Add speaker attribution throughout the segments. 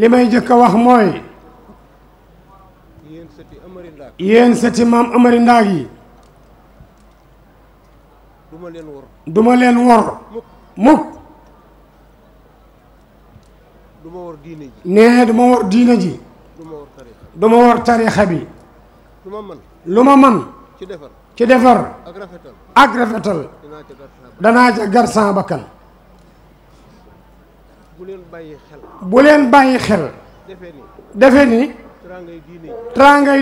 Speaker 1: li may jëkk a wax mooy yéen sëti maam Amary Ndaak yi duma leen wor duma leen wor mukk
Speaker 2: duma wor diine ji
Speaker 1: nee duma wor diine ji duma wor tariixa bi lu ma man ci defar ci defar ak rafetal danaa ca gar sama bakkan
Speaker 2: bu leen bàyyi xel.
Speaker 1: leen bàyyi xel. defe ni defe ngay teraangay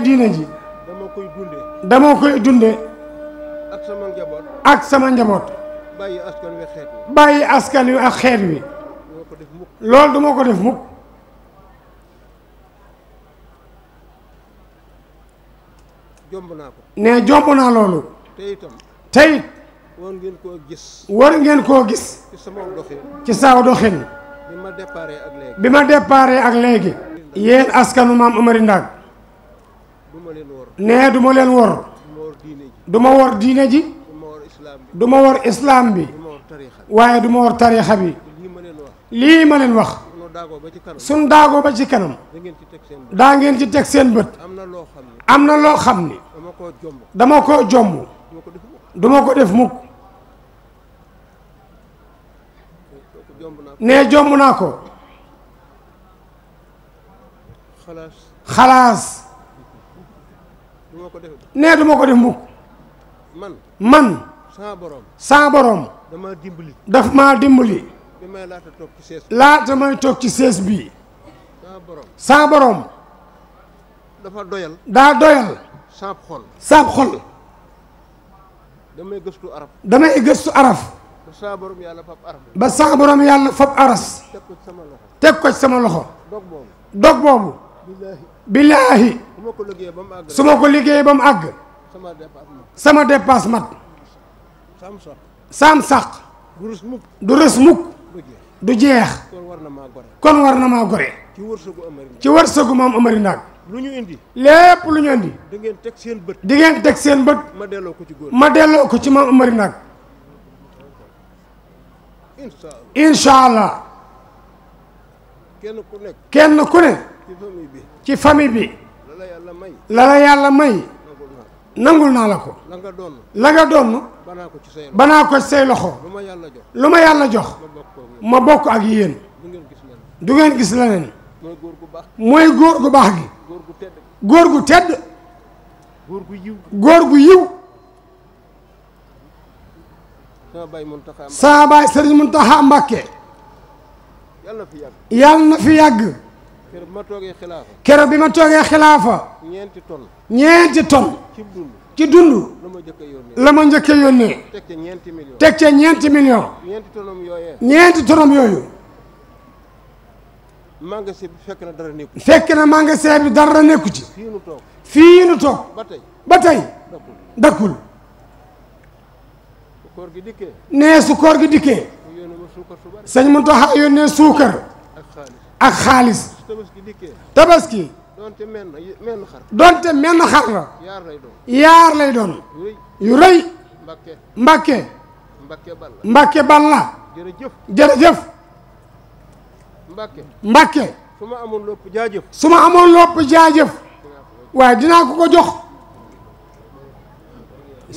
Speaker 1: diine ji teraangay dama koy dunde dama koy dunde
Speaker 2: ak sama njaboot.
Speaker 1: ak sama njaboot. bàyyi askan wi askan wi ak xeet wi. loolu du ma ko def mukk. jomb naa ko. ne jomb naa loolu. te
Speaker 2: war ngeen koo gis.
Speaker 1: war ngeen koo gis.
Speaker 2: ci sama doxin. ci saaw
Speaker 1: doxin. bi ma déparé ak léegi. bi ma déparé ak léegi. yéen askanu maam Amary Ndaag. nee du ma leen wor. du ma wor diine ji. du ma wor islam bi. waaye du ma wor tariixa bi. lii ma leen wax. suñ daagoo ba ci kanam. daa ngeen ci teg seen bët. am na loo xam ni. dama koo jomb. du ma ko def mukk ne jomb naa ko xalaas ne du ma ko def mukk man man saa borom daf maa dimbali laata may toog ci sees bi saa borom
Speaker 2: dafa doyal daa doyal
Speaker 1: saab xol saab xol damay gëstu araf damay gëstu araf
Speaker 2: ba saa borom yàlla fab aras.
Speaker 1: ba saa borom yàlla fab aras.
Speaker 2: teg ko ci sama loxo.
Speaker 1: teg ko ci sama loxo. dog boobu. dog boobu. billaahi.
Speaker 2: su ma ko liggéey ba mu àgg. su ma ko liggéeyee ba mu àgg. sama dépasse
Speaker 1: mat. sama dépasse mat. saam saq saam sax. du rës mukk. du jeex. kon war na maa gore. kon war na maa gore.
Speaker 2: ci wërsëgu Amary Ndaak. ci wërsëgu
Speaker 1: ma Amary Ndaak.
Speaker 2: lu ñu indi. lépp lu ñu indi. di ngeen teg seen bët. di ngeen teg seen bët. ma delloo ko ci góor ma delloo ko ci
Speaker 1: moom Amary Ndaak. incha kenn ku nekk kenn ku ne ci famille bi la la yàlla may nangul naa la ko la nga doon
Speaker 2: banaa ko ci say loxo lu ma yàlla jox
Speaker 1: ma bokk ak yéen du ngeen gis leneen mooy góor gu baax gi góor gu tedd góor gu yiw góor gu yiw
Speaker 2: saa baay sëriñ Muntaxa Mbàkke yàlla na fi yàgg
Speaker 1: keroog bi ma toogee xilaafa ton ñeenti ton ci dund ci dund la ma njëkk a million teg ca ñeenti million ñeenti tonom yooyee ñeenti tonom
Speaker 2: fekk na dara nekku fekk na magasin bi dara nekku ci fii koor gi dikkee nee su koor gi dikkee
Speaker 1: sëñ Muntaxa yónnee suukar ak xaalis tabaski doonte menn xar doonte menn xar na yaar lay doon yu rëy mbakke
Speaker 2: mbakke bal la
Speaker 1: jërëjëf mbakke
Speaker 2: su ma amoon lopp jaajëf su ma amoon
Speaker 1: lopp jaajëf waaye dinaa ko ko jox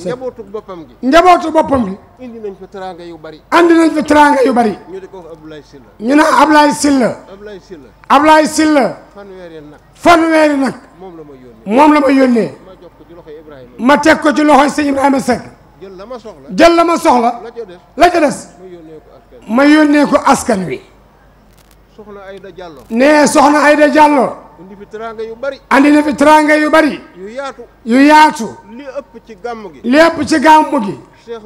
Speaker 2: njabootu boppam gi.
Speaker 1: njabootu boppam gi.
Speaker 2: indi nañ fa teraanga yu bari. andi nañ fa yu bari. ñu ne ko Abdoulaye Sylla. ñu ne Abdoulaye Sylla. Abdoulaye Sylla. Abdoulaye Sylla. fanweeri nag. fanweeri nag. moom la ma
Speaker 1: yónnee. moom la ma yónnee. ma jox ko ci loxo Ibrahima. ma teg ko ci loxo sëñ Ibrahima Seck.
Speaker 2: jël la ma soxla.
Speaker 1: jël la ma soxla. la ca des. la ca ma yónnee ko askan wi. soxna Aida Diallo. nee soxna Aida Diallo. indi fi teraanga yu bari. andi na fi teraanga yu bari. yu yaatu. yu yaatu. li ëpp ci gàmm gi. li ëpp ci gàmm gi.
Speaker 2: Cheikh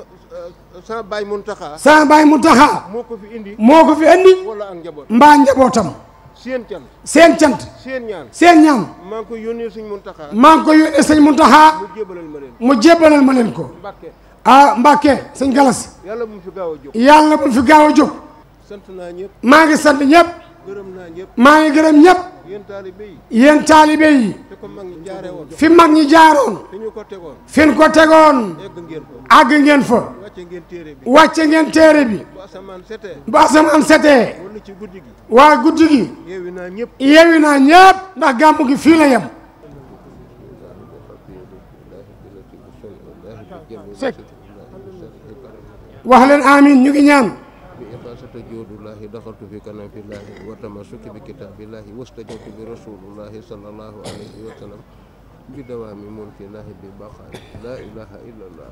Speaker 2: sama euh, baay Muntaxa. sama baay Muntaxa. moo ko fi indi. moo ko fi indi. wala ak njabootam
Speaker 1: mbaa njabootam. seen cant. seen cant. seen ñaan. seen
Speaker 2: maa ngi koy yónnee sëñ Muntaxa. maa ngi koy yónnee sëñ Muntaxa. mu jébbalal ma leen ko. mu jébbalal ma leen ko. Mbàkke. ah Mbàkke
Speaker 1: sañ Galas. yàlla bu mu fi gaaw a jóg. yàlla bu mu gaaw a jóg. sant naa maa ngi sant ñëpp. maa ngi gërëm ñëpp yéen taalibe yi fi mag ñi jaaroon fi ñu ko tegoon àgg ngeen fa wàcce ngeen téere bi bu asamaan setee waa guddi gi yeewi naa ñëpp ndax gàmmu gi fii la yem
Speaker 2: wax leen amiin ñu ngi ñaan ka joodullahi daxartu fi kanamfillaahi wa tamassuki bi kitaabillahi wastajabtu bi rasulillahi sallallahu alayhi wa sallam bi dawaami mulkillahi bi baqaani laa ilaha illallah